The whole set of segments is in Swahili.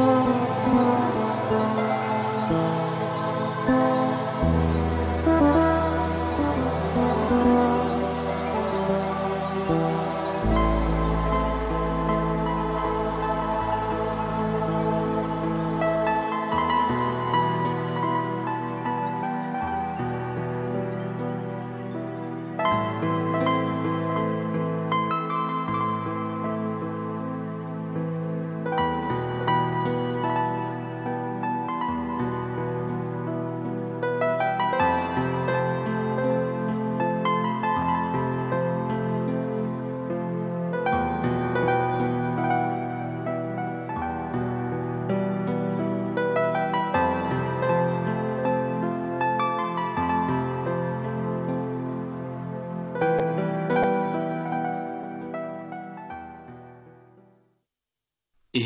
Oh.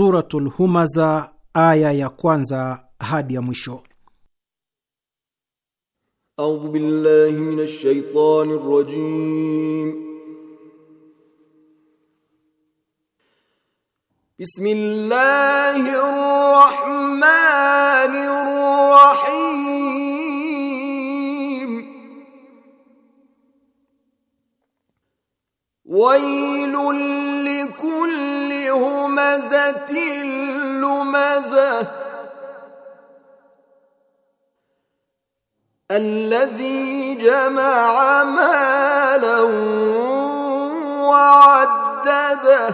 Suratul Humaza aya ya kwanza hadi ya mwisho. A'udhu billahi minash shaitani rajim. Bismillahir rahmanir rahim. Wailul همزة لمزة الذي جمع مالا وعدده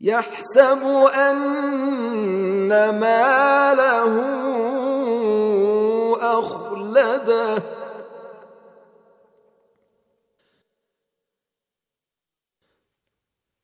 يحسب أن ماله أخلده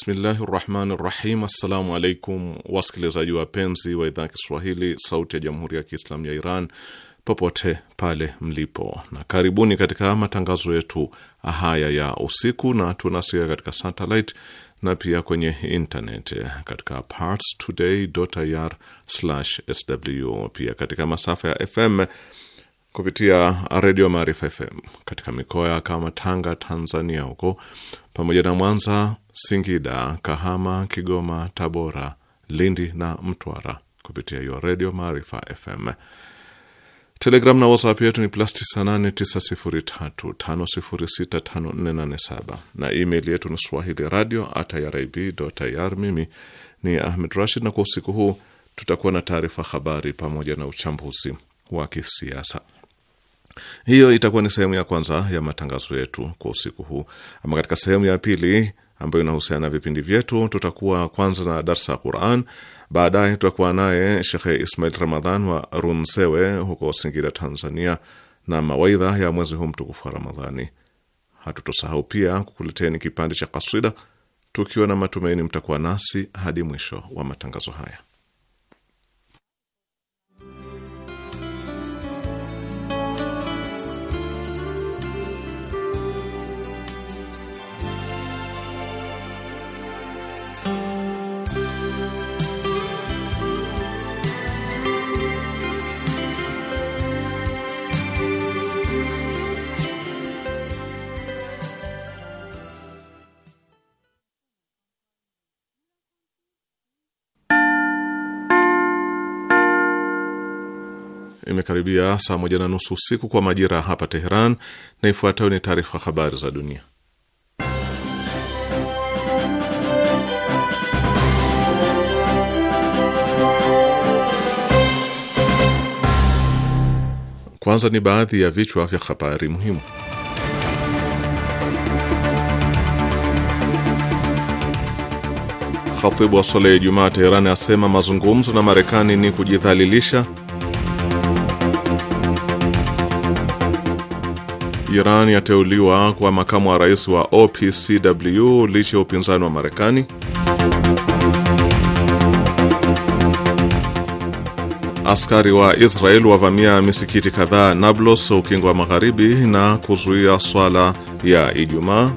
Bismillahi rahmani rahim. Assalamu alaikum wasikilizaji wapenzi wa idhaa ya Kiswahili sauti ya jamhuri ya Kiislamu ya Iran popote pale mlipo, na karibuni katika matangazo yetu haya ya usiku, na tunasikia katika satellite na pia kwenye internet katika parstoday.ir/sw, pia katika masafa ya FM kupitia redio Maarifa FM katika mikoa kama Tanga, Tanzania huko pamoja na Mwanza, Singida, Kahama, Kigoma, Tabora, Lindi na Mtwara kupitia hiyo Redio Maarifa FM. Telegram na WhatsApp yetu ni plus 989035065487 na email yetu ni swahili radio at irib.ir. Mimi ni Ahmed Rashid, na kwa usiku huu tutakuwa na taarifa habari pamoja na uchambuzi wa kisiasa. Hiyo itakuwa ni sehemu ya kwanza ya matangazo yetu kwa usiku huu. Ama katika sehemu ya pili ambayo inahusiana na vipindi vyetu. Tutakuwa kwanza na darsa ya Quran, baadaye tutakuwa naye Shekhe Ismail Ramadhan wa Runsewe huko Singida, Tanzania, na mawaidha ya mwezi huu mtukufu wa Ramadhani. Hatutosahau pia kukuleteni kipande cha kaswida, tukiwa na matumaini mtakuwa nasi hadi mwisho wa matangazo haya. imekaribia saa moja na nusu usiku kwa majira ya hapa Teheran, na ifuatayo ni taarifa habari za dunia. Kwanza ni baadhi ya vichwa vya habari muhimu. Khatibu wa swala ya Ijumaa Teherani asema mazungumzo na Marekani ni kujidhalilisha Iran yateuliwa kwa makamu wa rais wa OPCW licha ya upinzani wa Marekani. Askari wa Israel wavamia misikiti kadhaa Nablus, ukingo wa magharibi, na kuzuia swala ya Ijumaa.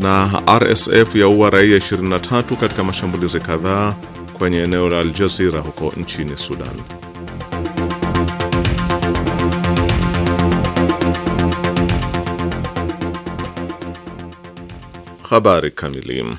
Na RSF yaua raia 23 katika mashambulizi kadhaa kwenye eneo la Aljazira huko nchini Sudan. Habari kamili.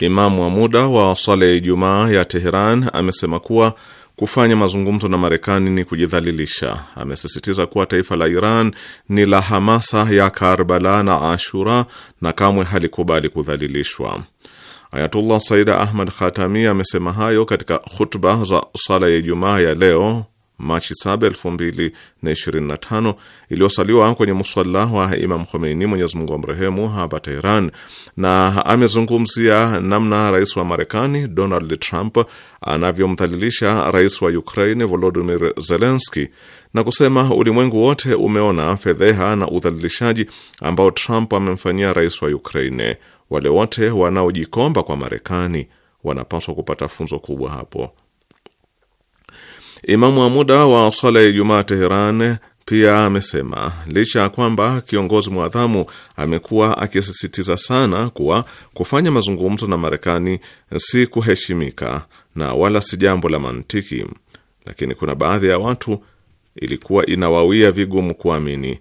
Imamu wa muda wa swala ya Ijumaa ya Teheran amesema kuwa kufanya mazungumzo na Marekani ni kujidhalilisha. Amesisitiza kuwa taifa la Iran ni la hamasa ya Karbala na Ashura na kamwe halikubali kudhalilishwa. Ayatullah Saida Ahmad Khatami amesema hayo katika khutba za sala ya Ijumaa ya leo Machi 7, 2025 iliyosaliwa kwenye muswala wa Imam Khomeini, Mwenyezi Mungu amrehemu, hapa Teheran, na amezungumzia namna rais wa Marekani Donald Trump anavyomdhalilisha rais wa Ukraine Volodimir Zelenski na kusema ulimwengu wote umeona fedheha na udhalilishaji ambao Trump amemfanyia rais wa Ukraine. Wale wote wanaojikomba kwa Marekani wanapaswa kupata funzo kubwa hapo Imamu wa muda wa swala ya Ijumaa Teheran pia amesema licha ya kwamba kiongozi mwadhamu amekuwa akisisitiza sana kuwa kufanya mazungumzo na Marekani si kuheshimika na wala si jambo la mantiki, lakini kuna baadhi ya watu ilikuwa inawawia vigumu kuamini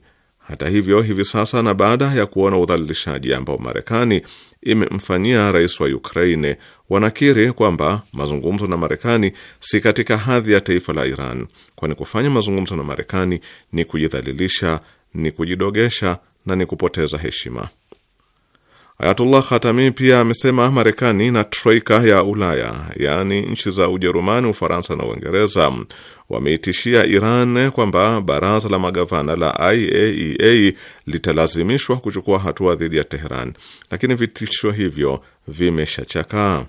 hata hivyo, hivi sasa na baada ya kuona udhalilishaji ambao Marekani imemfanyia rais wa Ukraine, wanakiri kwamba mazungumzo na Marekani si katika hadhi ya taifa la Iran, kwani kufanya mazungumzo na Marekani ni kujidhalilisha, ni kujidogesha na ni kupoteza heshima. Ayatullah Khatami pia amesema Marekani na troika ya Ulaya, yaani nchi za Ujerumani, Ufaransa na Uingereza wameitishia Iran kwamba baraza la magavana la IAEA e litalazimishwa kuchukua hatua dhidi ya Teheran, lakini vitisho hivyo vimeshachakaa.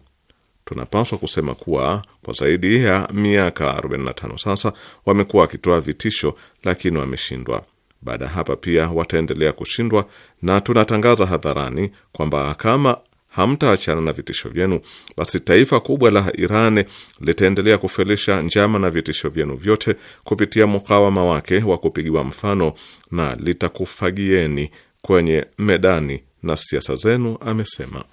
Tunapaswa kusema kuwa kwa zaidi ya miaka 45 sasa wamekuwa wakitoa vitisho, lakini wameshindwa. Baada ya hapa pia wataendelea kushindwa, na tunatangaza hadharani kwamba kama hamtaachana na vitisho vyenu, basi taifa kubwa la Iran litaendelea kufelisha njama na vitisho vyenu vyote kupitia mukawama wake wa kupigiwa mfano na litakufagieni kwenye medani na siasa zenu, amesema.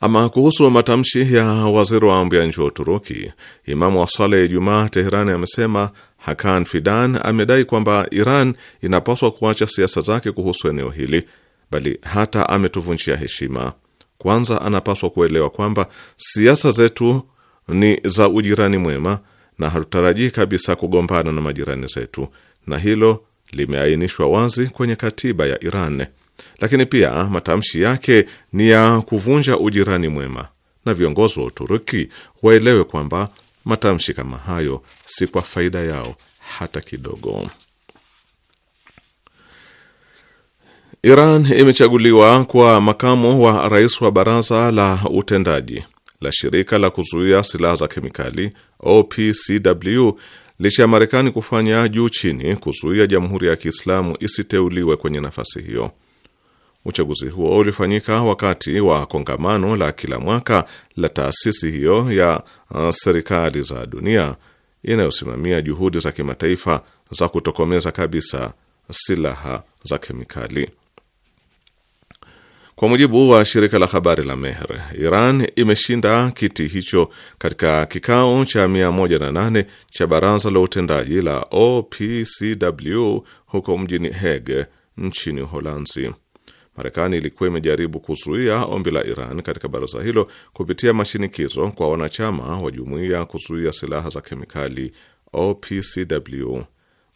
Ama kuhusu matamshi ya waziri wa mambo ya nje wa Uturuki, Imamu wa swala ya Ijumaa Teherani amesema Hakan Fidan amedai kwamba Iran inapaswa kuacha siasa zake kuhusu eneo hili, bali hata ametuvunjia heshima. Kwanza anapaswa kuelewa kwamba siasa zetu ni za ujirani mwema na hatutarajii kabisa kugombana na majirani zetu, na hilo limeainishwa wazi kwenye katiba ya Iran. Lakini pia matamshi yake ni ya kuvunja ujirani mwema, na viongozi wa Uturuki waelewe kwamba Matamshi kama hayo si kwa faida yao hata kidogo. Iran imechaguliwa kwa makamu wa rais wa baraza la utendaji la shirika la kuzuia silaha za kemikali OPCW licha ya Marekani kufanya juu chini kuzuia Jamhuri ya Kiislamu isiteuliwe kwenye nafasi hiyo. Uchaguzi huo ulifanyika wakati wa kongamano la kila mwaka la taasisi hiyo ya uh, serikali za dunia inayosimamia juhudi za kimataifa za kutokomeza kabisa silaha za kemikali. Kwa mujibu wa shirika la habari la Mehr, Iran imeshinda kiti hicho katika kikao cha 108 cha baraza la utendaji la OPCW huko mjini Hague nchini Uholanzi. Marekani ilikuwa imejaribu kuzuia ombi la Iran katika baraza hilo kupitia mashinikizo kwa wanachama wa jumuiya kuzuia silaha za kemikali OPCW.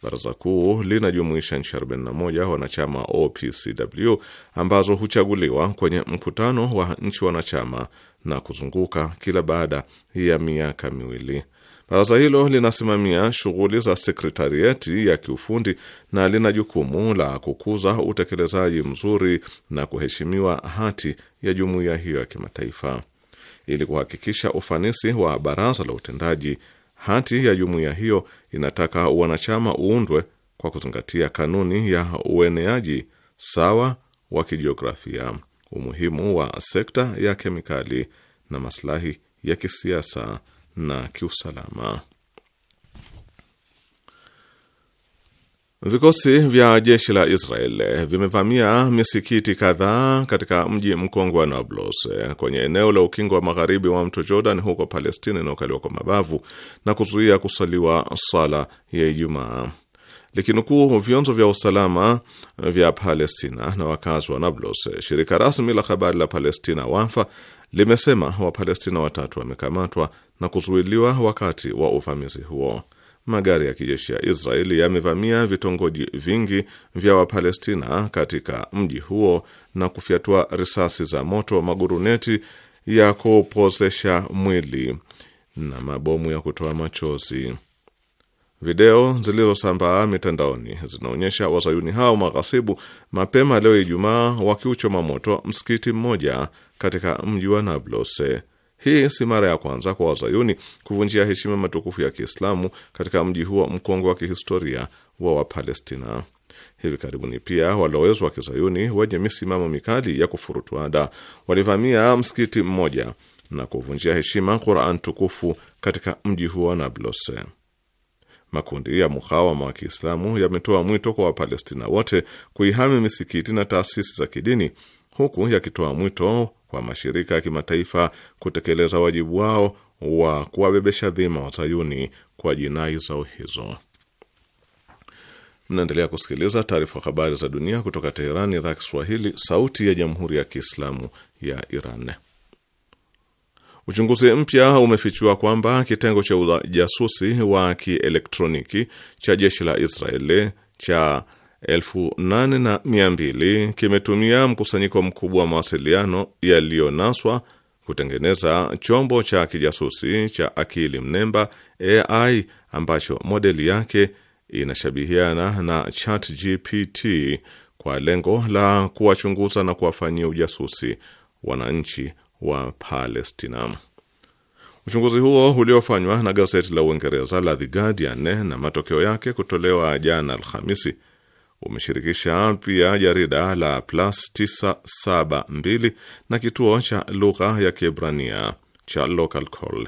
Baraza kuu linajumuisha nchi 41 wanachama OPCW ambazo huchaguliwa kwenye mkutano wa nchi wanachama na kuzunguka kila baada ya miaka miwili. Baraza hilo linasimamia shughuli za sekretarieti ya kiufundi na lina jukumu la kukuza utekelezaji mzuri na kuheshimiwa hati ya jumuiya hiyo ya kimataifa. Ili kuhakikisha ufanisi wa baraza la utendaji, hati ya jumuiya hiyo inataka wanachama uundwe kwa kuzingatia kanuni ya ueneaji sawa wa kijiografia, umuhimu wa sekta ya kemikali na maslahi ya kisiasa na kiusalama. Vikosi vya jeshi la Israel vimevamia misikiti kadhaa katika mji mkongwe wa Nablus kwenye eneo la ukingo wa magharibi wa mto Jordan huko Palestina inayokaliwa kwa mabavu na kuzuia kusaliwa sala ya Ijumaa. Likinukuu vyanzo vya usalama vya Palestina na wakazi wa Nablus, shirika rasmi la habari la Palestina Wafa limesema Wapalestina watatu wamekamatwa na kuzuiliwa wakati wa uvamizi huo. Magari ya kijeshi ya Israeli yamevamia vitongoji vingi vya Wapalestina katika mji huo na kufyatua risasi za moto maguruneti ya kupozesha mwili na mabomu ya kutoa machozi. Video zilizosambaa mitandaoni zinaonyesha wazayuni hao maghasibu mapema leo Ijumaa wakiuchoma moto msikiti mmoja katika mji wa nablose hii si mara ya kwanza kwa wazayuni kuvunjia heshima matukufu ya Kiislamu katika mji huo mkongwe wa kihistoria wa Wapalestina. Hivi karibuni pia walowezi wa kizayuni wenye misimamo mikali ya kufurutuada walivamia msikiti mmoja na kuvunjia heshima Quran tukufu katika mji huo wa Nablus. Makundi ya mukawama wa Kiislamu yametoa mwito kwa Wapalestina wote kuihami misikiti na taasisi za kidini huku yakitoa mwito kwa mashirika ya kimataifa kutekeleza wajibu wao wa kuwabebesha dhima wazayuni kwa jinai zao hizo. Mnaendelea kusikiliza taarifa habari za dunia kutoka Teheran, idhaa Kiswahili, sauti ya jamhuri ya kiislamu ya Iran. Uchunguzi mpya umefichua kwamba kitengo cha ujasusi wa kielektroniki cha jeshi la Israeli cha elfu nane na mia mbili kimetumia mkusanyiko mkubwa wa mawasiliano yaliyonaswa kutengeneza chombo cha kijasusi cha akili mnemba AI ambacho modeli yake inashabihiana na ChatGPT kwa lengo la kuwachunguza na kuwafanyia ujasusi wananchi wa Palestina. Uchunguzi huo uliofanywa na gazeti la Uingereza la The Guardian na matokeo yake kutolewa jana Alhamisi umeshirikisha pia jarida la Plus 972 na kituo cha lugha ya Kiebrania cha Local Call.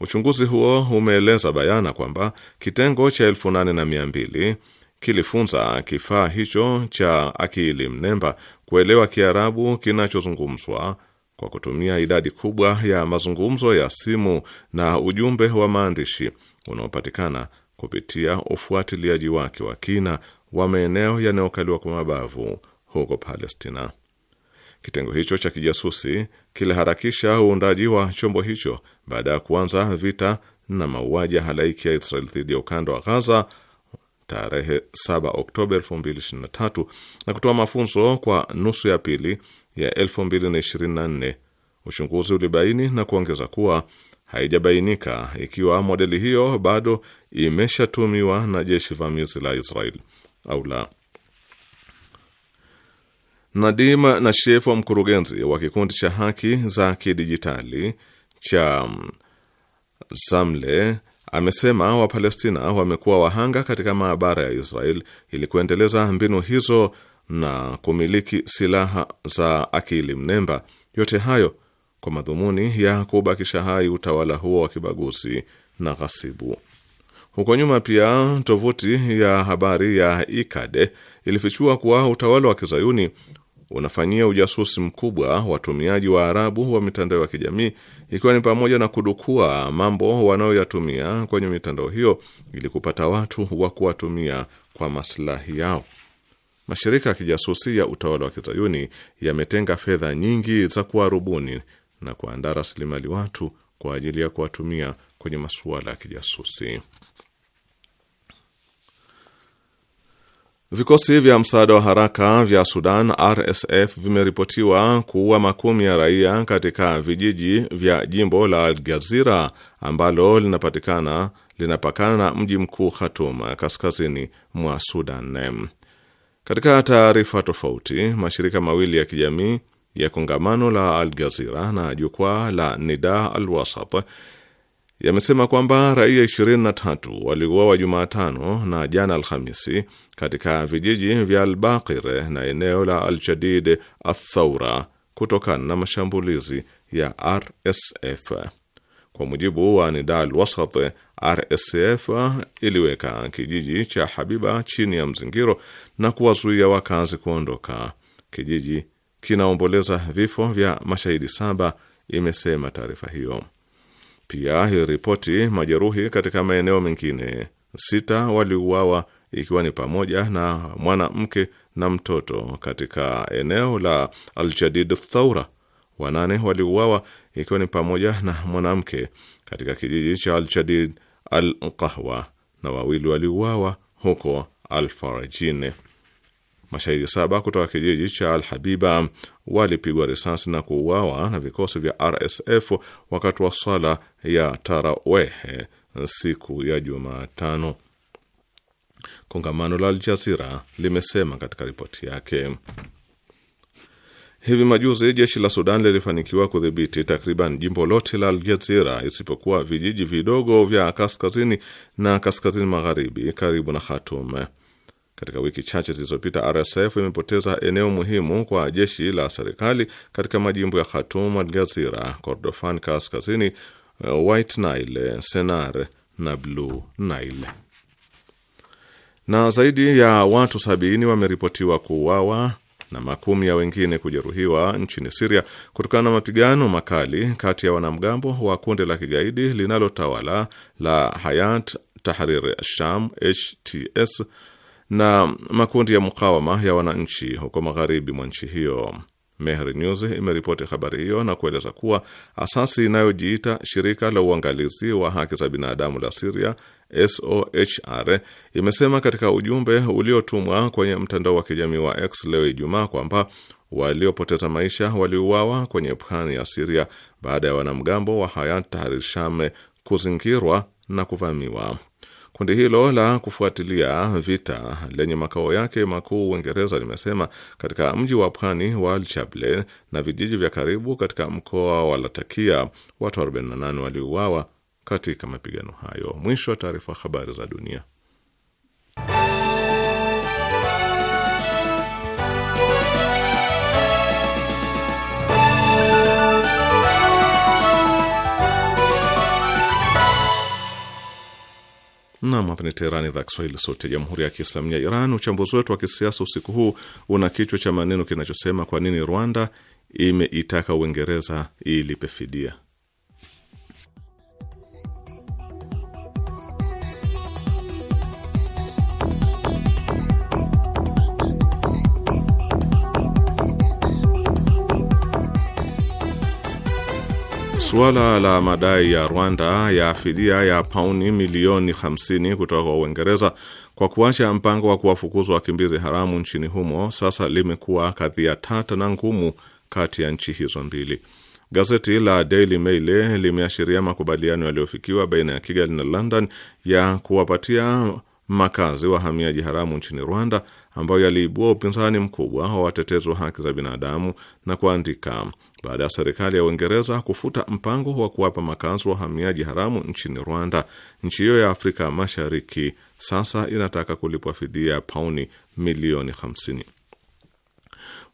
Uchunguzi huo umeeleza bayana kwamba kitengo cha 8200 kilifunza kifaa hicho cha akili mnemba kuelewa Kiarabu kinachozungumzwa kwa kutumia idadi kubwa ya mazungumzo ya simu na ujumbe wa maandishi unaopatikana kupitia ufuatiliaji wake wa kina wa maeneo yanayokaliwa kwa mabavu huko Palestina. Kitengo hicho cha kijasusi kiliharakisha uundaji wa chombo hicho baada ya kuanza vita na mauaji ya halaiki ya Israel dhidi ya ukanda wa Ghaza tarehe 7 Oktoba 2023 na kutoa mafunzo kwa nusu ya pili ya 2024. Uchunguzi ulibaini na kuongeza kuwa haijabainika ikiwa modeli hiyo bado imeshatumiwa na jeshi vamizi la Israel au la. Nadima na Shefu, mkurugenzi wa kikundi cha haki za kidijitali cha zamle mm, amesema Wapalestina wamekuwa wahanga katika maabara ya Israel ili kuendeleza mbinu hizo na kumiliki silaha za akili mnemba, yote hayo kwa madhumuni ya kubakisha hai utawala huo wa kibaguzi na ghasibu. Huko nyuma pia tovuti ya habari ya Ikade ilifichua kuwa utawala wa kizayuni unafanyia ujasusi mkubwa watumiaji wa Arabu wa mitandao ya kijamii ikiwa ni pamoja na kudukua mambo wanayoyatumia kwenye mitandao hiyo ili kupata watu wa kuwatumia kwa maslahi yao. Mashirika ya kijasusi ya utawala wa kizayuni yametenga fedha nyingi za kuwarubuni na kuandaa rasilimali watu kwa ajili ya kuwatumia kwenye masuala ya kijasusi. Vikosi vya msaada wa haraka vya Sudan RSF vimeripotiwa kuua makumi ya raia katika vijiji vya jimbo la Aljazira ambalo linapatikana linapakana na mji mkuu Khartoum kaskazini mwa Sudan. Katika taarifa tofauti, mashirika mawili ya kijamii ya kongamano la Aljazira na jukwaa la Nida al yamesema kwamba raia 23 waliuawa Jumatano na jana Alhamisi katika vijiji vya Albakir na eneo la Aljadid Athaura kutokana na mashambulizi ya RSF. Kwa mujibu wa Nidal Wasat, RSF iliweka kijiji cha Habiba chini ya mzingiro na kuwazuia wakazi kuondoka. Kijiji kinaomboleza vifo vya mashahidi saba, imesema taarifa hiyo. Pia iliripoti majeruhi katika maeneo mengine. Sita waliuawa ikiwa ni pamoja na mwanamke na mtoto katika eneo la Aljadid Thaura. Wanane waliuawa ikiwa ni pamoja na mwanamke katika kijiji cha Aljadid Al Qahwa na wawili waliuawa huko Alfarajine. Mashahidi saba kutoka kijiji cha Al Habiba walipigwa risasi na kuuawa na vikosi vya RSF wakati wa swala ya tarawehe siku ya Jumatano. Kongamano la Aljazira limesema katika ripoti yake. Hivi majuzi jeshi la Sudan lilifanikiwa kudhibiti takriban jimbo lote la Aljazira isipokuwa vijiji vidogo vya kaskazini na kaskazini magharibi karibu na Khartoum. Katika wiki chache zilizopita, RSF imepoteza eneo muhimu kwa jeshi la serikali katika majimbo ya Khartoum, algazira Kordofan Kaskazini, uh, White Nile, Sennar na Blue Nile. Na zaidi ya watu sabini wameripotiwa kuuawa na makumi ya wengine kujeruhiwa nchini Siria kutokana na mapigano makali kati ya wanamgambo wa kundi la kigaidi linalotawala la Hayat Tahrir Sham HTS na makundi ya mukawama ya wananchi huko magharibi mwa nchi hiyo. Mehr News imeripoti habari hiyo na kueleza kuwa asasi inayojiita shirika la uangalizi wa haki za binadamu la Siria SOHR imesema katika ujumbe uliotumwa kwenye mtandao wa kijamii wa X leo Ijumaa kwamba waliopoteza maisha waliuawa kwenye pwani ya Siria baada ya wanamgambo wa Hayat Tahrir kuzingirwa na kuvamiwa. Kundi hilo la kufuatilia vita lenye makao yake makuu Uingereza limesema katika mji wa pwani wa Aljable na vijiji vya karibu katika mkoa wa Latakia watu 48 waliuawa katika mapigano hayo. Mwisho wa taarifa. Habari za dunia. Nam, hapa ni Teherani, idhaa Kiswahili, sauti ya jamhuri ya kiislamu ya Iran. Uchambuzi wetu wa kisiasa usiku huu una kichwa cha maneno kinachosema kwa nini Rwanda imeitaka Uingereza ilipe fidia. Suala la madai ya Rwanda ya fidia ya pauni milioni 50 kutoka kwa Uingereza kwa kuacha mpango wa kuwafukuzwa wakimbizi haramu nchini humo sasa limekuwa kadhia tata na ngumu kati ya nchi hizo mbili. Gazeti la Daily Mail limeashiria makubaliano yaliyofikiwa baina ya Kigali na London ya kuwapatia makazi wahamiaji haramu nchini Rwanda ambayo yaliibua upinzani mkubwa wa watetezi wa haki za binadamu na kuandika, baada ya serikali ya Uingereza kufuta mpango wa kuwapa makazi wahamiaji haramu nchini Rwanda, nchi hiyo ya Afrika Mashariki sasa inataka kulipwa fidia ya pauni milioni 50.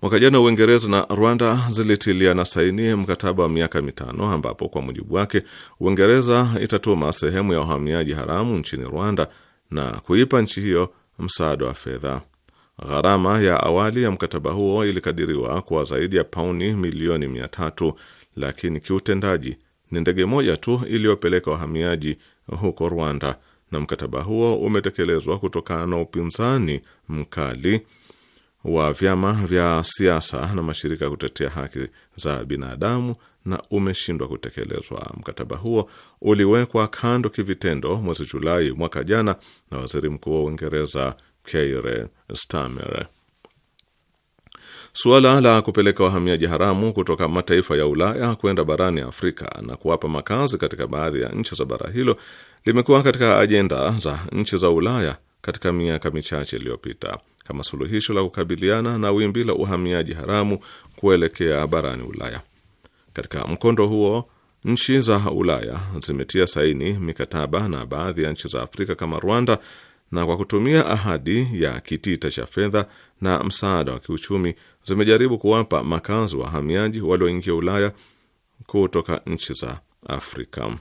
Mwaka jana Uingereza na Rwanda zilitilia na saini mkataba wa miaka mitano ambapo kwa mujibu wake Uingereza itatuma sehemu ya wahamiaji haramu nchini Rwanda na kuipa nchi hiyo msaada wa fedha. Gharama ya awali ya mkataba huo ilikadiriwa kwa zaidi ya pauni milioni mia tatu, lakini kiutendaji ni ndege moja tu iliyopeleka wahamiaji huko Rwanda, na mkataba huo umetekelezwa kutokana na upinzani mkali wa vyama vya siasa na mashirika ya kutetea haki za binadamu na umeshindwa kutekelezwa. Mkataba huo uliwekwa kando kivitendo mwezi Julai mwaka jana na waziri mkuu wa Uingereza Keir Starmer. Suala la kupeleka wahamiaji haramu kutoka mataifa ya Ulaya kwenda barani Afrika na kuwapa makazi katika baadhi ya nchi za bara hilo limekuwa katika ajenda za nchi za Ulaya katika miaka michache iliyopita kama suluhisho la kukabiliana na wimbi la uhamiaji haramu kuelekea barani Ulaya. Katika mkondo huo, nchi za Ulaya zimetia saini mikataba na baadhi ya nchi za Afrika kama Rwanda na kwa kutumia ahadi ya kitita cha fedha na msaada wa kiuchumi zimejaribu kuwapa makazi wahamiaji walioingia Ulaya kutoka nchi za Afrika.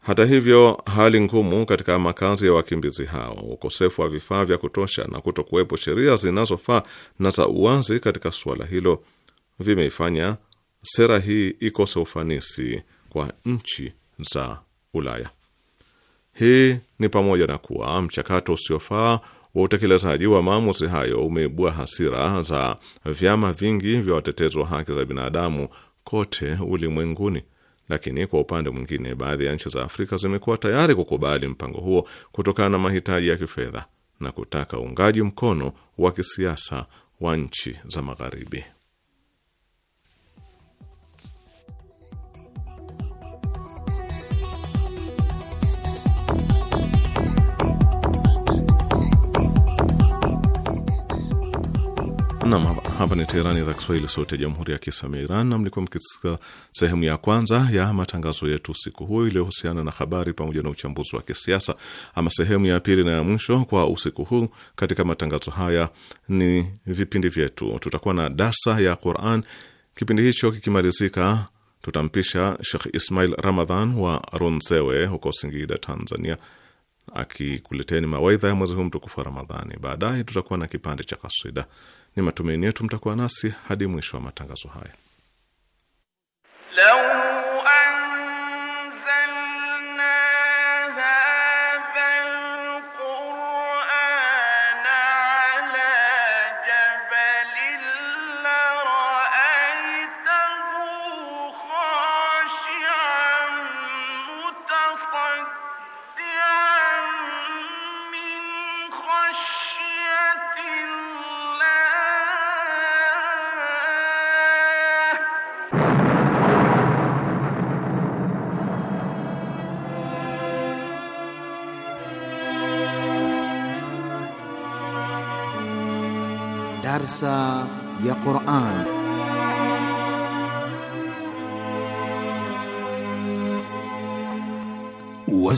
Hata hivyo, hali ngumu katika makazi ya wakimbizi hao, ukosefu wa vifaa vya kutosha na kuto kuwepo sheria zinazofaa na za uwazi katika suala hilo vimeifanya sera hii ikose ufanisi kwa nchi za Ulaya. Hii ni pamoja na kuwa mchakato usiofaa wa utekelezaji wa maamuzi hayo umeibua hasira za vyama vingi vya watetezi wa haki za binadamu kote ulimwenguni. Lakini kwa upande mwingine, baadhi ya nchi za Afrika zimekuwa tayari kukubali mpango huo kutokana na mahitaji ya kifedha na kutaka uungaji mkono wa kisiasa wa nchi za Magharibi. Nam, hapa ni Teherani, idhaa Kiswahili, sauti ya jamhuri ya kiisamia Iran, na mlikuwa mkisikia sehemu ya kwanza ya matangazo yetu siku huu iliyohusiana na habari pamoja na uchambuzi wa kisiasa. Ama sehemu ya pili na ya mwisho kwa usiku huu katika matangazo haya ni vipindi vyetu. Tutakuwa na darsa ya Quran. Kipindi hicho kikimalizika, tutampisha Shekh Ismail Ramadhan wa Runzewe huko Singida, Tanzania, akikuleteni mawaidha ya mwezi huu mtukufu wa Ramadhani. Baadaye tutakuwa na kipande cha kaswida. Ni matumaini yetu mtakuwa nasi hadi mwisho wa matangazo haya.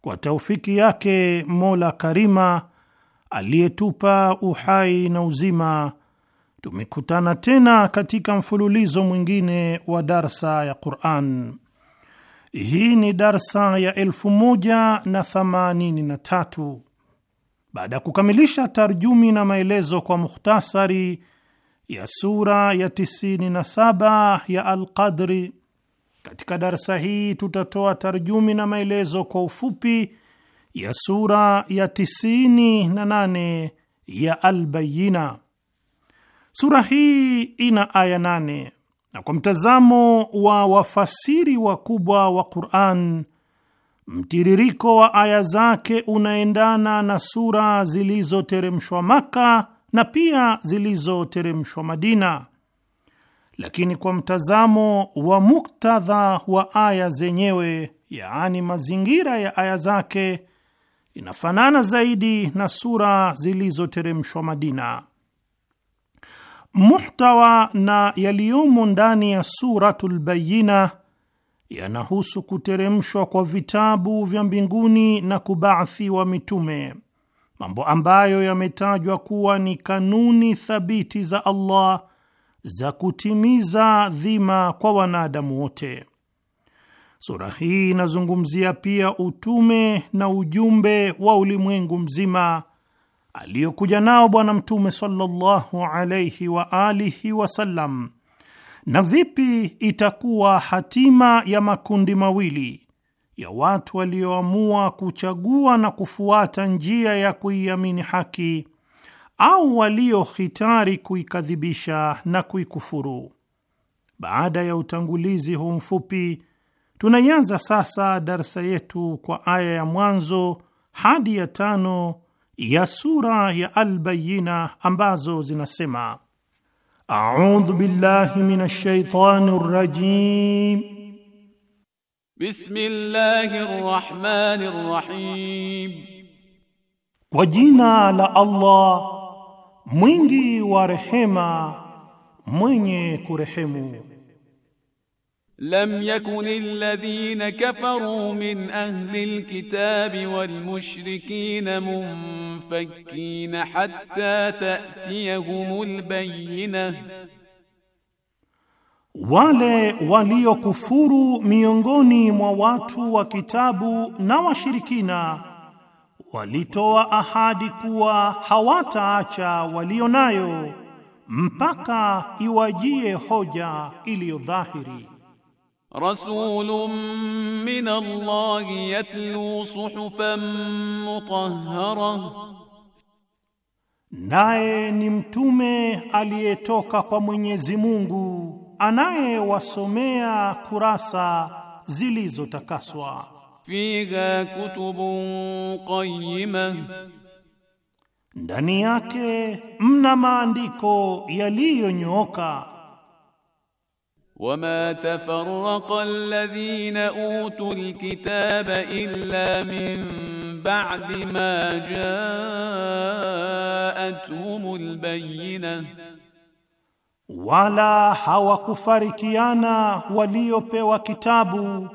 kwa taufiki yake Mola Karima aliyetupa uhai na uzima, tumekutana tena katika mfululizo mwingine wa darsa ya Quran. Hii ni darsa ya elfu moja na thamanini na tatu baada ya kukamilisha tarjumi na maelezo kwa mukhtasari ya sura ya 97 ya Alqadri. Katika darsa hii tutatoa tarjumi na maelezo kwa ufupi ya sura ya 98 na ya Albayina. Sura hii ina aya nane na kwa mtazamo wa wafasiri wakubwa wa Quran, mtiririko wa aya zake unaendana na sura zilizoteremshwa Maka na pia zilizoteremshwa Madina lakini kwa mtazamo wa muktadha wa aya zenyewe, yaani mazingira ya aya zake, inafanana zaidi na sura zilizoteremshwa Madina. Muhtawa na yaliyomo ndani ya Suratul Bayina yanahusu kuteremshwa kwa vitabu vya mbinguni na kubaathiwa mitume, mambo ambayo yametajwa kuwa ni kanuni thabiti za Allah za kutimiza dhima kwa wanadamu wote. Sura hii inazungumzia pia utume na ujumbe wa ulimwengu mzima aliyokuja nao Bwana Mtume sallallahu alaihi wa alihi wasallam, na vipi itakuwa hatima ya makundi mawili ya watu walioamua kuchagua na kufuata njia ya kuiamini haki au walio hitari kuikadhibisha na kuikufuru. Baada ya utangulizi huu mfupi, tunaianza sasa darsa yetu kwa aya ya mwanzo hadi ya tano ya sura ya Albayina ambazo zinasema: audhu billahi min shaitani rajim bismillahi kwa jina la Allah mwingi wa rehema, mwenye kurehemu. Lam yakun alladhina kafaru min ahli alkitabi mushrikin munfakkina hatta ta'tiyahum albayyinah, wale waliokufuru miongoni mwa watu wa kitabu na washirikina walitoa ahadi kuwa hawataacha walio nayo mpaka iwajie hoja iliyo dhahiri. Rasulun min Allah yatlu suhufan mutahhara, naye ni mtume aliyetoka kwa Mwenyezi Mungu anayewasomea kurasa zilizotakaswa. fiha kutubun qayyima, ndani yake mna maandiko yaliyonyooka. Wama tafarraqa alladhina utul kitaba illa min ba'di ma ja'atuhumul bayyinah wala hawakufarikiana waliopewa kitabu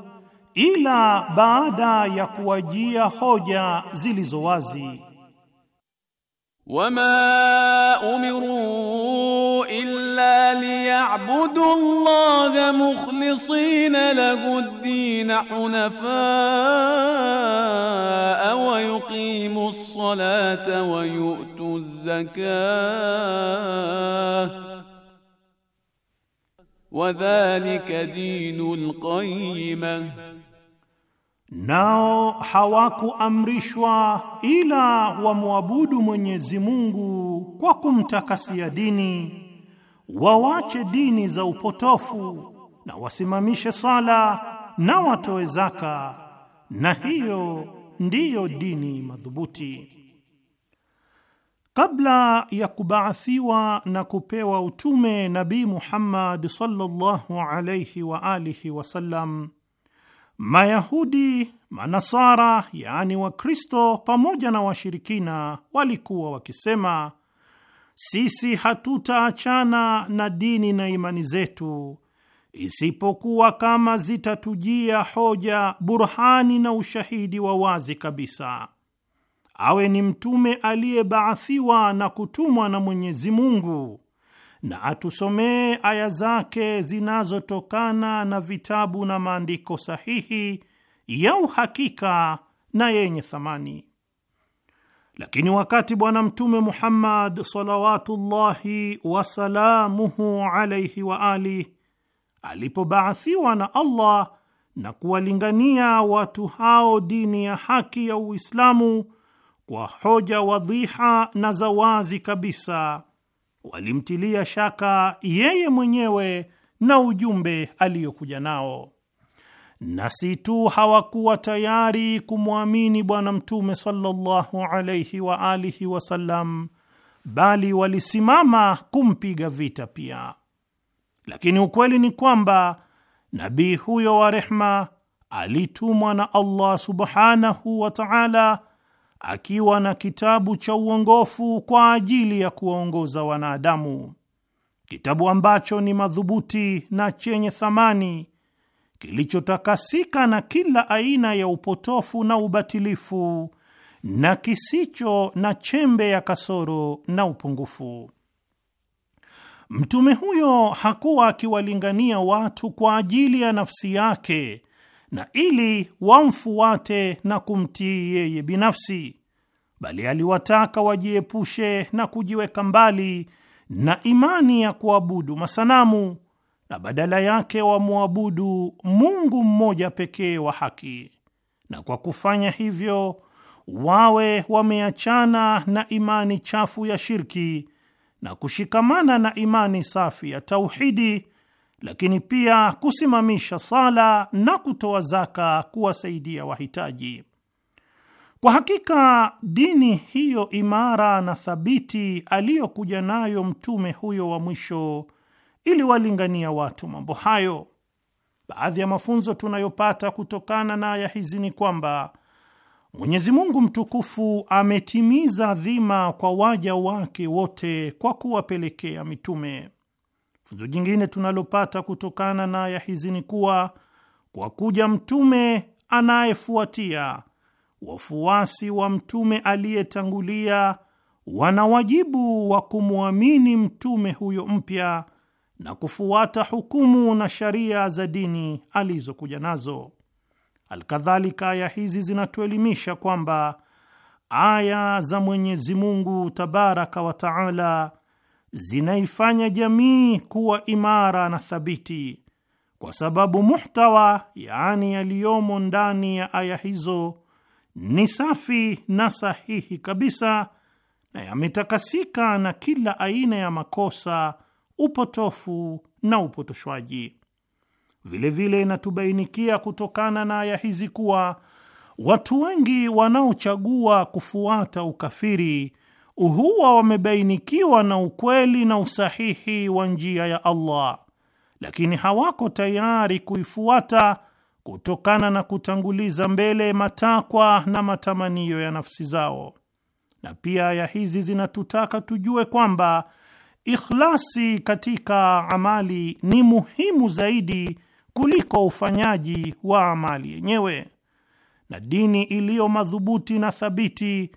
ila baada ya kuwajia hoja zilizo wazi. Wama umiru illa liya'budu Allah mukhlisina lahu ad-din hunafa wa yuqimu as-salata wa yu'tu az-zakata wa dhalika dinul qayyimah nao hawakuamrishwa ila wamwabudu Mwenyezi Mungu kwa kumtakasia dini, wawache dini za upotofu na wasimamishe sala na watoe zaka, na hiyo ndiyo dini madhubuti. Kabla ya kubaathiwa na kupewa utume Nabii Muhammad sallallahu alayhi wa alihi wasallam Mayahudi, Manasara, yaani Wakristo pamoja na washirikina walikuwa wakisema, sisi hatutaachana na dini na imani zetu isipokuwa kama zitatujia hoja, burhani na ushahidi wa wazi kabisa, awe ni mtume aliyebaathiwa na kutumwa na Mwenyezi Mungu na atusomee aya zake zinazotokana na vitabu na maandiko sahihi ya uhakika na yenye thamani. Lakini wakati Bwana Mtume Muhammad salawatullahi wasalamuhu alaihi wa ali alipobaathiwa na Allah na kuwalingania watu hao dini ya haki ya Uislamu kwa hoja wadhiha na za wazi kabisa walimtilia shaka yeye mwenyewe na ujumbe aliyokuja nao, na si tu hawakuwa tayari kumwamini Bwana Mtume sallallahu alaihi wa alihi wasallam, bali walisimama kumpiga vita pia. Lakini ukweli ni kwamba nabii huyo wa rehma alitumwa na Allah subhanahu wa ta'ala akiwa na kitabu cha uongofu kwa ajili ya kuwaongoza wanadamu, kitabu ambacho ni madhubuti na chenye thamani, kilichotakasika na kila aina ya upotofu na ubatilifu na kisicho na chembe ya kasoro na upungufu. Mtume huyo hakuwa akiwalingania watu kwa ajili ya nafsi yake na ili wamfuate na kumtii yeye binafsi, bali aliwataka wajiepushe na kujiweka mbali na imani ya kuabudu masanamu na badala yake wamwabudu Mungu mmoja pekee wa haki, na kwa kufanya hivyo wawe wameachana na imani chafu ya shirki na kushikamana na imani safi ya tauhidi lakini pia kusimamisha sala na kutoa zaka kuwasaidia wahitaji. Kwa hakika dini hiyo imara na thabiti aliyokuja nayo mtume huyo wa mwisho iliwalingania watu mambo hayo. Baadhi ya mafunzo tunayopata kutokana na aya hizi ni kwamba Mwenyezi Mungu mtukufu ametimiza dhima kwa waja wake wote kwa kuwapelekea mitume. Funzo jingine tunalopata kutokana na aya hizi ni kuwa kwa kuja mtume anayefuatia, wafuasi wa mtume aliyetangulia wana wajibu wa kumwamini mtume huyo mpya na kufuata hukumu na sharia za dini alizokuja nazo. Alkadhalika, aya hizi zinatuelimisha kwamba aya za Mwenyezi Mungu tabaraka wa taala zinaifanya jamii kuwa imara na thabiti, kwa sababu muhtawa, yaani yaliyomo ndani ya aya hizo ni safi na sahihi kabisa na yametakasika na kila aina ya makosa, upotofu na upotoshwaji. Vilevile inatubainikia kutokana na aya hizi kuwa watu wengi wanaochagua kufuata ukafiri huwa wamebainikiwa na ukweli na usahihi wa njia ya Allah, lakini hawako tayari kuifuata kutokana na kutanguliza mbele matakwa na matamanio ya nafsi zao. Na pia aya hizi zinatutaka tujue kwamba ikhlasi katika amali ni muhimu zaidi kuliko ufanyaji wa amali yenyewe, na dini iliyo madhubuti na thabiti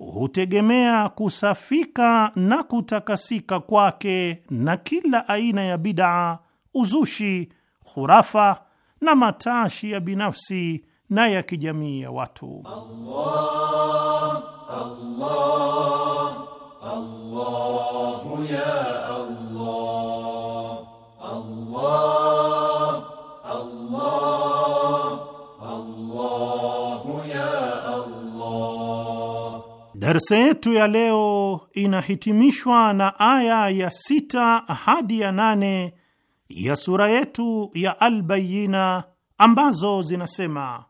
hutegemea kusafika na kutakasika kwake na kila aina ya bidaa, uzushi, khurafa na matashi ya binafsi na ya kijamii ya watu. Allah, Allah, Allah, Darsa yetu ya leo inahitimishwa na aya ya sita hadi ya nane ya sura yetu ya Albayina ambazo zinasema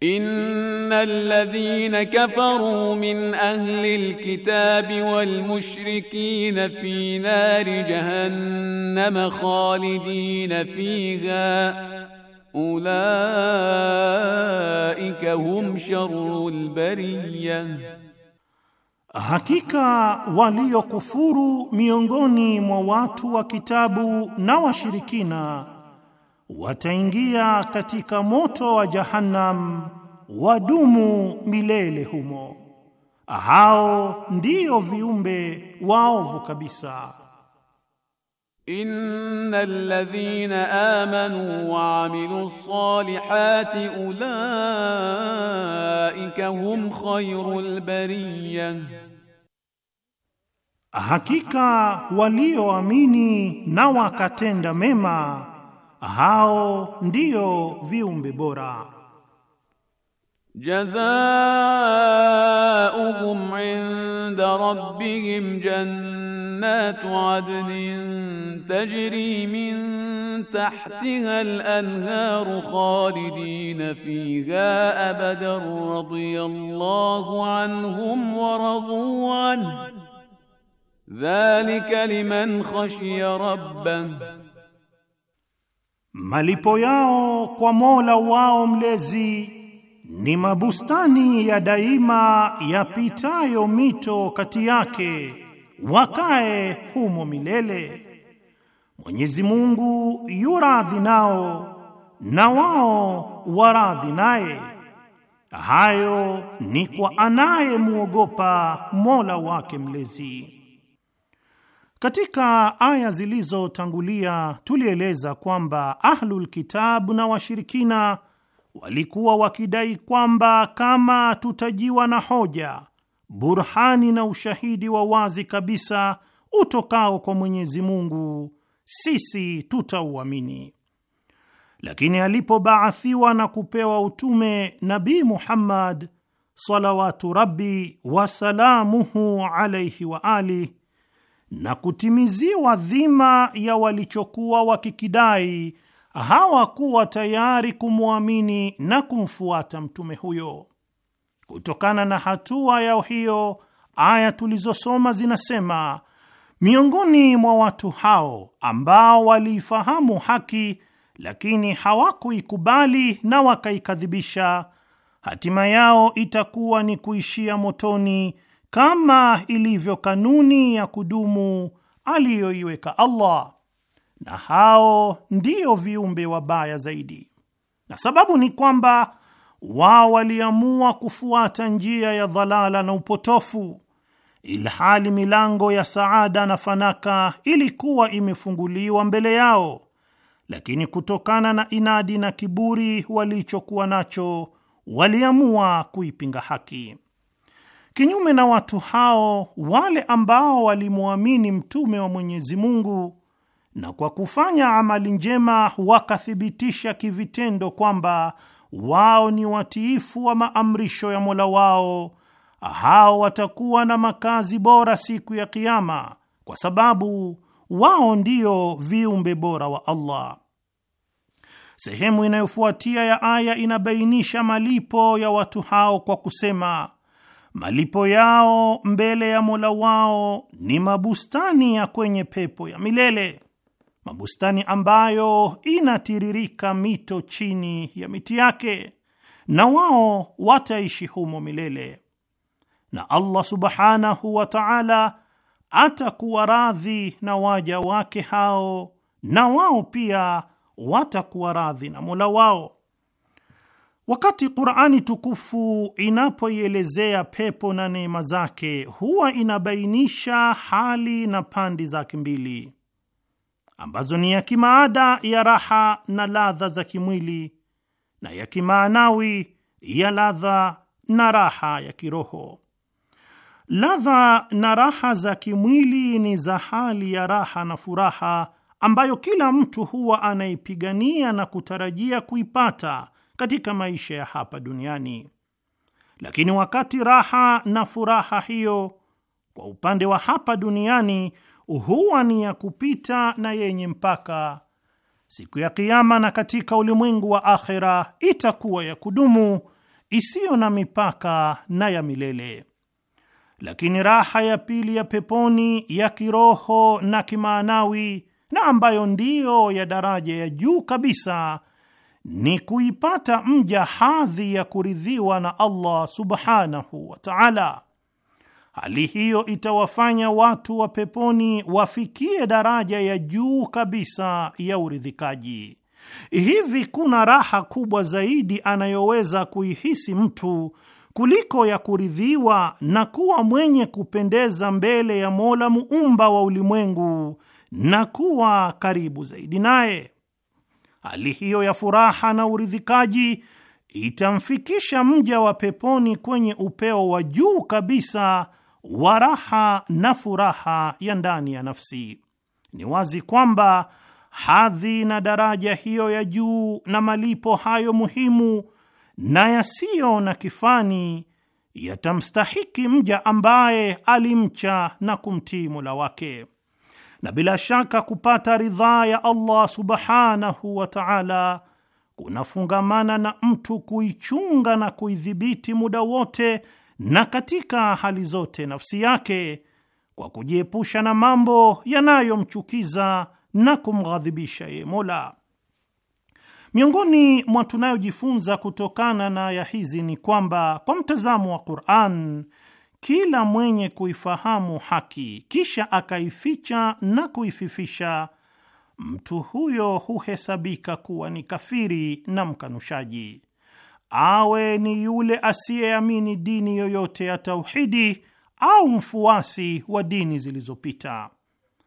Innal ladhina kafaru min ahli alkitabi wal mushrikina fi nari jahannama khalidina fiha ulaika hum sharrul bariyah Hakika waliokufuru miongoni mwa watu wa kitabu na washirikina wataingia katika moto wa Jahannam, wadumu milele humo. Hao ndio viumbe waovu kabisa. Innal ladhina amanu wa amilu ssalihati ulaika hum khairul bariyah Hakika walioamini na wakatenda mema, hao ndio viumbe bora. Jazaohum inda rabbihim jannatu adnin tajri min tahtiha al-anharu khalidina fiha abadan radiyallahu anhum wa radu anhu Dhalika liman khashiya rabbah, malipo yao kwa Mola wao mlezi ni mabustani ya daima yapitayo mito kati yake, wakae humo milele. Mwenyezi Mungu yuradhi nao na wao waradhi naye. Hayo ni kwa anayemwogopa Mola wake mlezi. Katika aya zilizotangulia tulieleza kwamba Ahlul Kitabu na washirikina walikuwa wakidai kwamba kama tutajiwa na hoja, burhani na ushahidi wa wazi kabisa utokao kwa Mwenyezi Mungu, sisi tutauamini. Lakini alipobaathiwa na kupewa utume Nabii Muhammad salawatu rabbi wasalamuhu alaihi wa ali na kutimiziwa dhima ya walichokuwa wakikidai hawakuwa tayari kumwamini na kumfuata mtume huyo. Kutokana na hatua yao hiyo, aya tulizosoma zinasema miongoni mwa watu hao ambao waliifahamu haki lakini hawakuikubali na wakaikadhibisha, hatima yao itakuwa ni kuishia motoni kama ilivyo kanuni ya kudumu aliyoiweka Allah, na hao ndio viumbe wabaya zaidi. Na sababu ni kwamba wao waliamua kufuata njia ya dhalala na upotofu, ilhali milango ya saada na fanaka ilikuwa imefunguliwa mbele yao, lakini kutokana na inadi na kiburi walichokuwa nacho waliamua kuipinga haki. Kinyume na watu hao, wale ambao walimwamini mtume wa Mwenyezi Mungu na kwa kufanya amali njema wakathibitisha kivitendo kwamba wao ni watiifu wa maamrisho ya Mola wao, hao watakuwa na makazi bora siku ya kiama kwa sababu wao ndio viumbe bora wa Allah. Sehemu inayofuatia ya aya inabainisha malipo ya watu hao kwa kusema malipo yao mbele ya Mola wao ni mabustani ya kwenye pepo ya milele, mabustani ambayo inatiririka mito chini ya miti yake, na wao wataishi humo milele, na Allah subhanahu wa ta'ala atakuwa radhi na waja wake hao, na wao pia watakuwa radhi na Mola wao. Wakati Qur'ani tukufu inapoielezea pepo na neema zake, huwa inabainisha hali na pandi zake mbili ambazo ni ya kimaada ya raha na ladha za kimwili na ya kimaanawi ya ladha na raha ya kiroho. Ladha na raha za kimwili ni za hali ya raha na furaha ambayo kila mtu huwa anaipigania na kutarajia kuipata katika maisha ya hapa duniani. Lakini wakati raha na furaha hiyo kwa upande wa hapa duniani huwa ni ya kupita na yenye mpaka, siku ya Kiama na katika ulimwengu wa akhera itakuwa ya kudumu isiyo na mipaka na ya milele. Lakini raha ya pili ya peponi ya kiroho na kimaanawi, na ambayo ndiyo ya daraja ya juu kabisa ni kuipata mja hadhi ya kuridhiwa na Allah subhanahu wa ta'ala. Hali hiyo itawafanya watu wa peponi wafikie daraja ya juu kabisa ya uridhikaji. Hivi kuna raha kubwa zaidi anayoweza kuihisi mtu kuliko ya kuridhiwa na kuwa mwenye kupendeza mbele ya Mola muumba wa ulimwengu na kuwa karibu zaidi naye? hali hiyo ya furaha na uridhikaji itamfikisha mja wa peponi kwenye upeo wa juu kabisa wa raha na furaha ya ndani ya nafsi. Ni wazi kwamba hadhi na daraja hiyo ya juu na malipo hayo muhimu na yasiyo na kifani yatamstahiki mja ambaye alimcha na kumtii Mola wake na bila shaka kupata ridhaa ya Allah subhanahu wa ta'ala kunafungamana na mtu kuichunga na kuidhibiti muda wote na katika hali zote nafsi yake kwa kujiepusha na mambo yanayomchukiza na kumghadhibisha yeye Mola. Miongoni mwa tunayojifunza kutokana na aya hizi ni kwamba kwa mtazamo wa Qur'an kila mwenye kuifahamu haki kisha akaificha na kuififisha, mtu huyo huhesabika kuwa ni kafiri na mkanushaji, awe ni yule asiyeamini dini yoyote ya tauhidi au mfuasi wa dini zilizopita.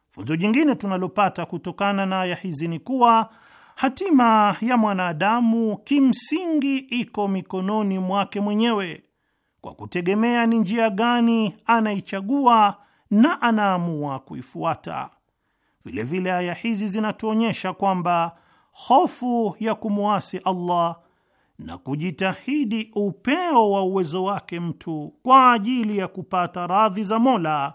Funzo jingine tunalopata kutokana na aya hizi ni kuwa hatima ya mwanadamu kimsingi iko mikononi mwake mwenyewe kwa kutegemea ni njia gani anaichagua na anaamua kuifuata. Vilevile aya hizi zinatuonyesha kwamba hofu ya kumwasi Allah na kujitahidi upeo wa uwezo wake mtu kwa ajili ya kupata radhi za Mola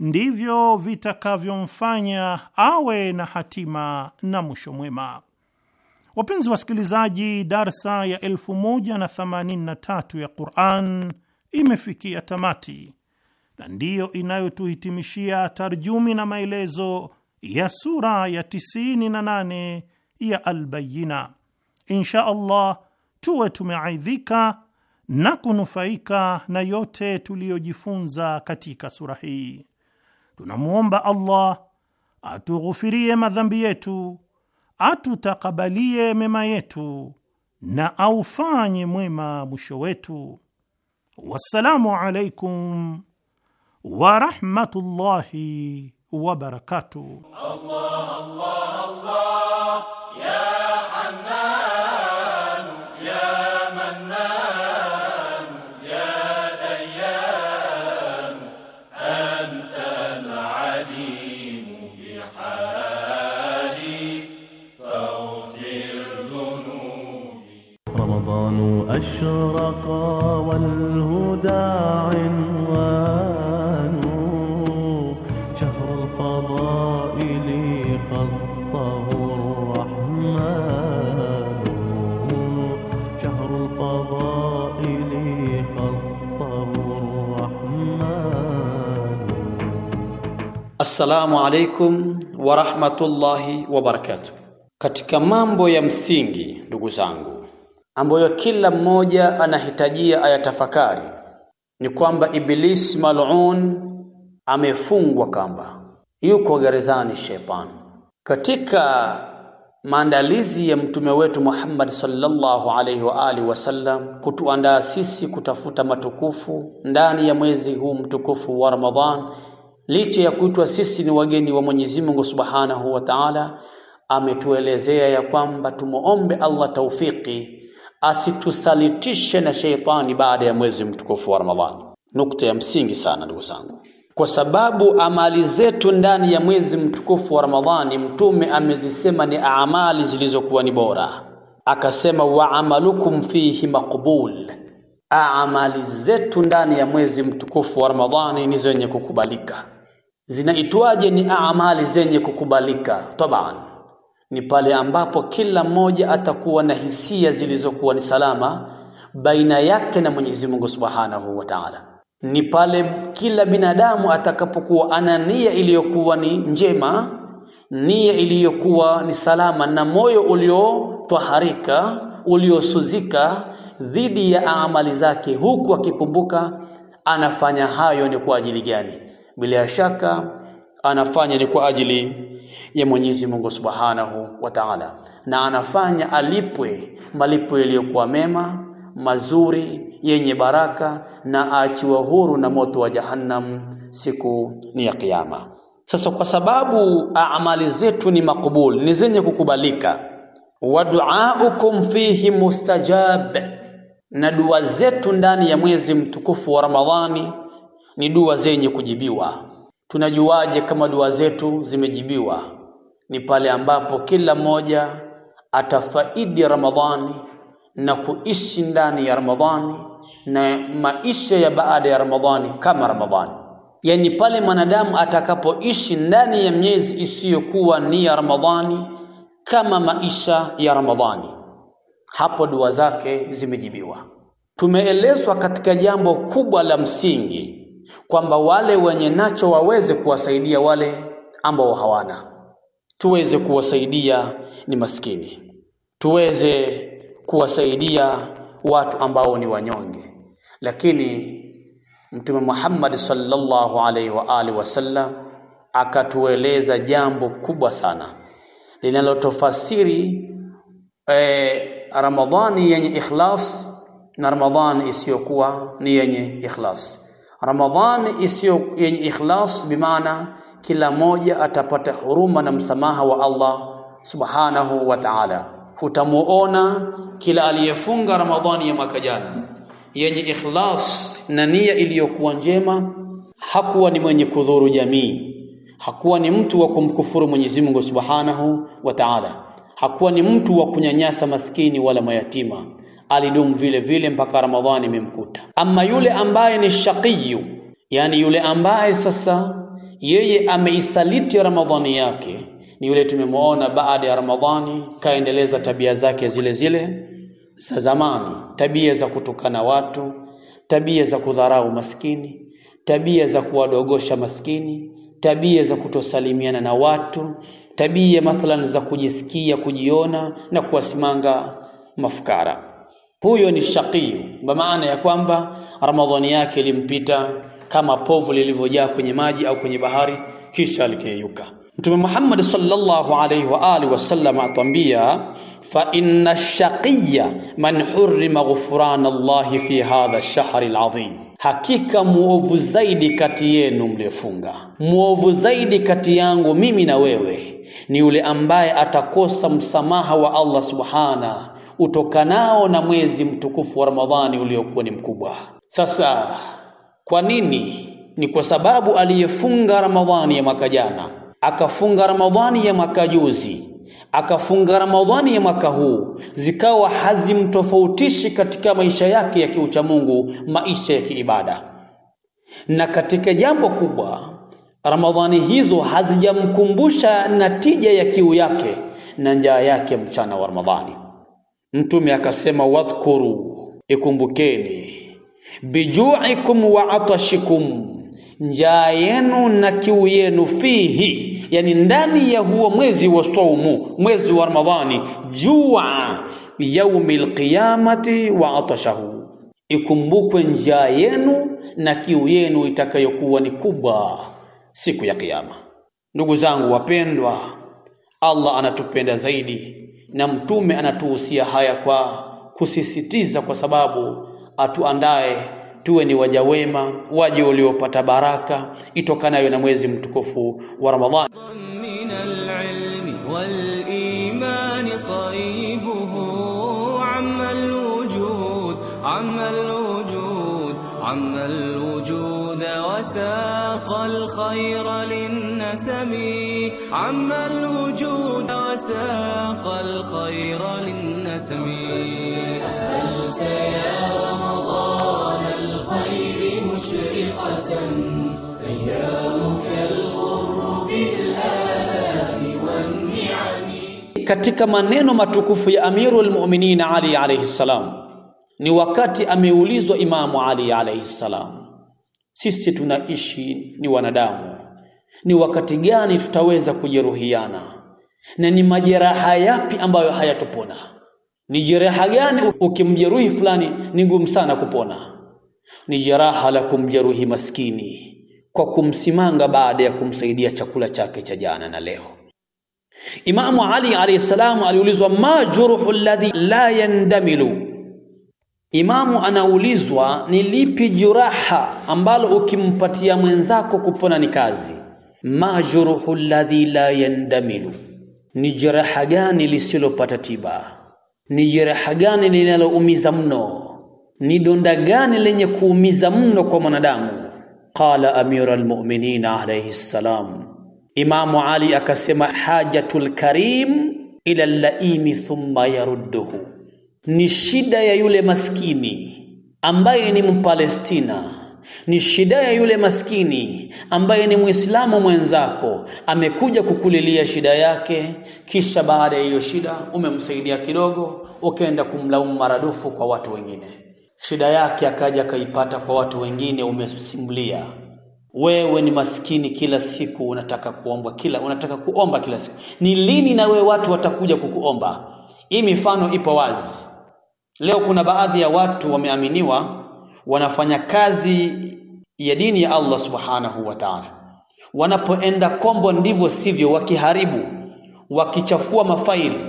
ndivyo vitakavyomfanya awe na hatima na mwisho mwema. Wapenzi wasikilizaji, darsa ya 1083 ya Quran imefikia tamati na ndiyo inayotuhitimishia tarjumi na maelezo ya sura ya 98 ya Albayina. Insha Allah tuwe tumeaidhika na kunufaika na yote tuliyojifunza katika sura hii. Tunamwomba Allah atughufirie madhambi yetu, atutakabalie mema yetu na aufanye mwema mwisho wetu. والسلام عليكم ورحمة الله وبركاته الله الله الله يا حنان يا منان يا ديان أنت العليم بحالي فاغفر ذنوبي رمضان أشرقا Assalamu alaikum wa rahmatullahi wa barakatuh. Katika mambo ya msingi ndugu zangu, ambayo kila mmoja anahitajia ayatafakari ni kwamba Iblis mal'un amefungwa kamba, yuko gerezani shepan Katika maandalizi ya mtume wetu Muhammad sallallahu alaihi wa alihi wasallam kutuandaa sisi kutafuta matukufu ndani ya mwezi huu mtukufu wa Ramadhan licha ya kuitwa sisi ni wageni wa Mwenyezi Mungu Subhanahu wa Ta'ala, ametuelezea ya kwamba tumuombe Allah taufiki asitusalitishe na sheitani baada ya mwezi mtukufu wa Ramadhani. Nukta ya msingi sana ndugu zangu, kwa sababu amali zetu ndani ya mwezi mtukufu wa Ramadhani Mtume amezisema ni amali zilizokuwa ni bora, akasema wa amalukum fihi maqbul amali zetu ndani ya mwezi mtukufu wa Ramadhani ni zenye kukubalika zinaitwaje ni amali zenye kukubalika taban ni pale ambapo kila mmoja atakuwa na hisia zilizokuwa ni salama baina yake na Mwenyezi Mungu Subhanahu wa Ta'ala ni pale kila binadamu atakapokuwa ana nia iliyokuwa ni njema nia iliyokuwa ni salama na moyo uliotwaharika uliosuzika dhidi ya amali zake huku akikumbuka anafanya hayo ni kwa ajili gani bila shaka anafanya ni kwa ajili ya Mwenyezi Mungu Subhanahu wa Ta'ala, na anafanya alipwe malipo yaliyokuwa mema mazuri yenye baraka na aachiwa huru na moto wa Jahannam siku ni ya Kiyama. Sasa kwa sababu amali zetu ni makubul, ni zenye kukubalika, wa duaukum fihi mustajab, na dua zetu ndani ya mwezi mtukufu wa Ramadhani ni dua zenye kujibiwa. Tunajuaje kama dua zetu zimejibiwa? Ni pale ambapo kila mmoja atafaidi Ramadhani na kuishi ndani ya Ramadhani na maisha ya baada ya Ramadhani kama Ramadhani, yaani pale mwanadamu atakapoishi ndani ya miezi isiyokuwa ni ya Ramadhani kama maisha ya Ramadhani, hapo dua zake zimejibiwa. Tumeelezwa katika jambo kubwa la msingi kwamba wale wenye nacho waweze kuwasaidia wale ambao hawana. Tuweze kuwasaidia ni maskini, tuweze kuwasaidia watu ambao ni wanyonge. Lakini Mtume Muhammad sallallahu alaihi wa alihi wasallam akatueleza jambo kubwa sana linalotofasiri e, eh, Ramadhani yenye ikhlas na Ramadhani isiyokuwa ni yenye ikhlas. Ramadhani isiyo yenye ikhlas, bimaana kila mmoja atapata huruma na msamaha wa Allah subhanahu wa ta'ala. Hutamuona kila aliyefunga Ramadhani ya mwaka jana yenye ikhlas na nia iliyokuwa njema, hakuwa ni mwenye kudhuru jamii, hakuwa ni mtu wa kumkufuru Mwenyezi Mungu subhanahu wa ta'ala, hakuwa ni mtu wa kunyanyasa maskini wala mayatima alidumu vile vile mpaka Ramadhani imemkuta. Ama yule ambaye ni shaqiyu, yani yule ambaye sasa yeye ameisaliti Ramadhani yake, ni yule tumemwona baada ya Ramadhani kaendeleza tabia zake zile zile za zamani, tabia za kutukana watu, tabia za kudharau maskini, tabia za kuwadogosha maskini, tabia za kutosalimiana na watu, tabia mathalan za kujisikia, kujiona na kuwasimanga mafukara huyo ni shaqiyu kwa maana ya kwamba ramadhani yake ilimpita kama povu lilivyojaa kwenye maji au kwenye bahari kisha alikeyuka. Mtume Muhammad sallallahu alayhi wa alihi wasallam atwambia fa inna shaqiya man hurrima ghufrana Allah fi hadha ash-shahr al-azim hakika muovu zaidi kati yenu mliofunga muovu zaidi kati yangu mimi na wewe ni yule ambaye atakosa msamaha wa Allah subhana utokanao na mwezi mtukufu wa Ramadhani uliokuwa ni mkubwa. Sasa kwa nini? Ni kwa sababu aliyefunga Ramadhani ya mwaka jana, akafunga Ramadhani ya mwaka juzi, akafunga Ramadhani ya mwaka huu, zikawa hazimtofautishi katika maisha yake ya mungu maisha ya kiibada. Na katika jambo kubwa, Ramadhani hizo hazijamkumbusha natija ya kiu yake na njaa yake mchana wa Ramadhani. Mtume akasema wadhkuru, ikumbukeni, bijuikum wa atashikum, njaa yenu na kiu yenu, fihi, yani ndani ya huo mwezi wa saumu, mwezi wa Ramadhani, jua yaumi lqiyamati wa atashahu, ikumbukwe njaa yenu na kiu yenu itakayokuwa ni kubwa siku ya Kiyama. Ndugu zangu wapendwa, Allah anatupenda zaidi na mtume anatuhusia haya kwa kusisitiza, kwa sababu atuandae tuwe ni waja wema, waja waliopata baraka itokanayo na mwezi mtukufu wa Ramadhani. النسم عم الوجود وساق الخير للنسم أقبلت يا رمضان الخير مشرقة أيامك الغر بالآلام والنعم katika maneno matukufu ya Amirul Mu'minin Ali alayhi salam ni wakati ameulizwa Imamu Ali alayhi salam, sisi tunaishi ni wanadamu ni wakati gani tutaweza kujeruhiana na ni majeraha yapi ambayo hayatopona ni jeraha gani ukimjeruhi fulani ni ngumu sana kupona ni jeraha la kumjeruhi maskini kwa kumsimanga baada ya kumsaidia chakula chake cha jana na leo Imamu Ali alayhi salamu aliulizwa ma juruhu alladhi la yandamilu Imamu anaulizwa ni lipi juraha ambalo ukimpatia mwenzako kupona ni kazi ma juruhu alladhi la yandamilu, ni jeraha gani lisilopata tiba? Ni jeraha gani linaloumiza mno? Ni donda gani lenye kuumiza mno kwa mwanadamu? Qala amiru almuminin alayhi salam, Imamu Ali akasema, hajatul karim ila laimi thumma yarudduhu, ni shida ya yule maskini ambaye ni Mpalestina ni shida ya yule maskini ambaye ni Muislamu mwenzako amekuja kukulilia shida yake, kisha baada ya hiyo shida umemsaidia kidogo, ukaenda kumlaumu maradufu kwa watu wengine. Shida yake akaja akaipata kwa watu wengine, umesimulia wewe ni maskini, kila siku unataka kuomba, kila unataka kuomba kila siku. Ni lini na wewe watu watakuja kukuomba? Hii mifano ipo wazi. Leo kuna baadhi ya watu wameaminiwa wanafanya kazi ya dini ya Allah subhanahu wa ta'ala. Wanapoenda kombo ndivyo sivyo, wakiharibu, wakichafua mafaili,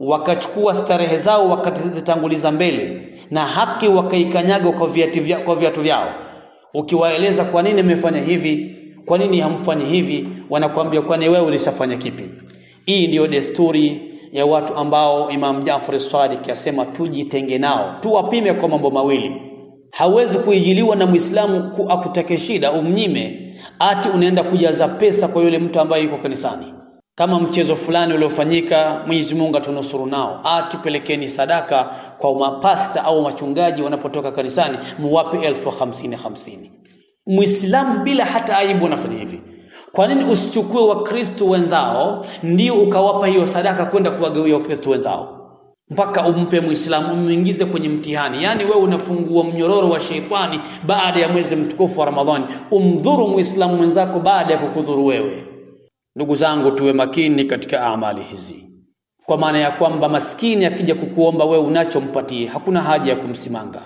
wakachukua starehe zao wakazitanguliza mbele, na haki wakaikanyaga kwa viatu vyao, kwa viatu vyao. Ukiwaeleza kwa nini mmefanya hivi, kwa nini hamfanyi hivi, wanakuambia kwani wewe ulishafanya kipi? Hii ndiyo desturi ya watu ambao Imam Jafar Sadiq asema tujitenge nao, tuwapime kwa mambo mawili hawezi kuijiliwa na Muislamu akutake shida umnyime, ati unaenda kujaza pesa kwa yule mtu ambaye yuko kanisani, kama mchezo fulani uliofanyika. Mwenyezi Mungu atunusuru nao, ati pelekeni sadaka kwa mapasta au machungaji wanapotoka kanisani, muwape elfu hamsini hamsini. Muislamu bila hata aibu anafanya hivi. Kwa nini usichukue Wakristo wenzao ndio ukawapa hiyo sadaka kwenda kuwagawia Wakristo wenzao? mpaka umpe muislamu umwingize kwenye mtihani yani wewe unafungua mnyororo wa sheitani baada ya mwezi mtukufu wa ramadhani umdhuru muislamu mwenzako baada ya kukudhuru wewe ndugu zangu tuwe makini katika amali hizi kwa maana ya kwamba maskini akija kukuomba wewe unachompatie hakuna haja ya kumsimanga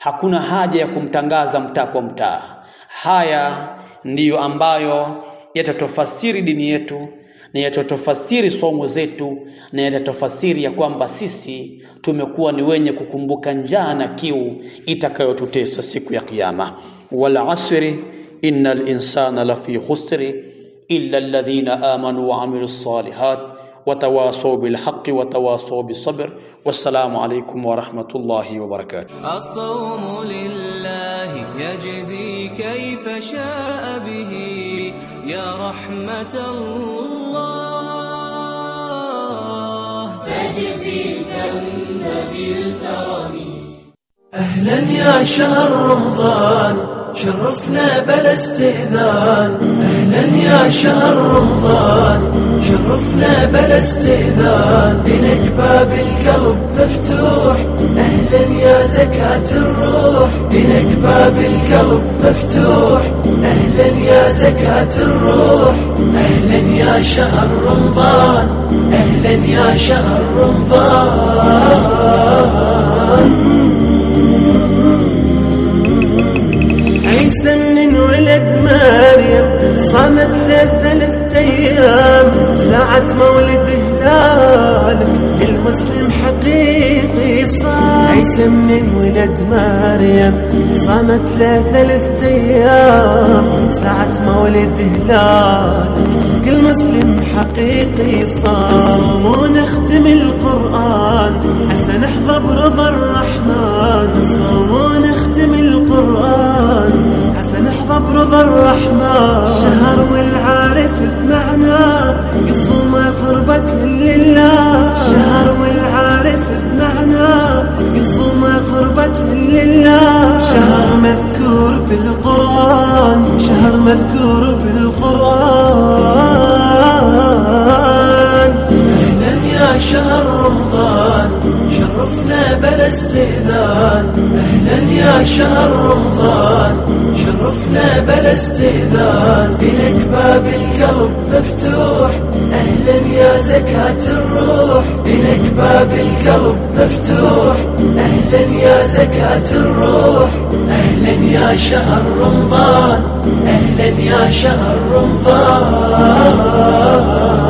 hakuna haja ya kumtangaza mtaa kwa mtaa haya ndiyo ambayo yatatofasiri dini yetu na yatatofasiri somo zetu na yatatofasiri ya kwamba sisi tumekuwa ni wenye kukumbuka njaa na kiu itakayotutesa siku ya Kiyama. wal asri innal insana lafi khusri illa alladhina amanu wa amilu salihat tawasaw bis sabr. بالصبر والسلام عليكم ورحمة الله وبركاته الصوم لله lillahi yajzi kayfa sha'a bihi ya الله أهلا يا شهر رمضان شرفنا بلا استئذان اهلا يا شهر رمضان شرفنا بلا استئذان لك باب القلب مفتوح اهلا يا زكاة الروح لك باب القلب مفتوح اهلا يا زكاة الروح اهلا يا شهر رمضان اهلا يا شهر رمضان صامت ثلاث ثلاث ايام ساعة مولد هلالك المسلم حقيقي صار عيسى من ولد مريم صامت ثلاث ثلاث ايام ساعة مولد هلالك مسلم حقيقي صار صام ونختم القرآن عسى نحظى برضا الرحمن صام ونختم القرآن القرآن احظى برضا الرحمن شهر والعارف بمعنى يصوم قربة لله شهر والعارف بمعنى يصوم قربة لله شهر مذكور بالقرآن شهر مذكور بالقرآن أهلا يا شهر رمضان شرفنا بلا استهدان اهلا يا شهر رمضان شرفنا بلا استهدان إلك باب القلب مفتوح اهلا يا زكاة الروح إلك باب القلب مفتوح اهلا يا زكاة الروح اهلا يا شهر رمضان اهلا يا شهر رمضان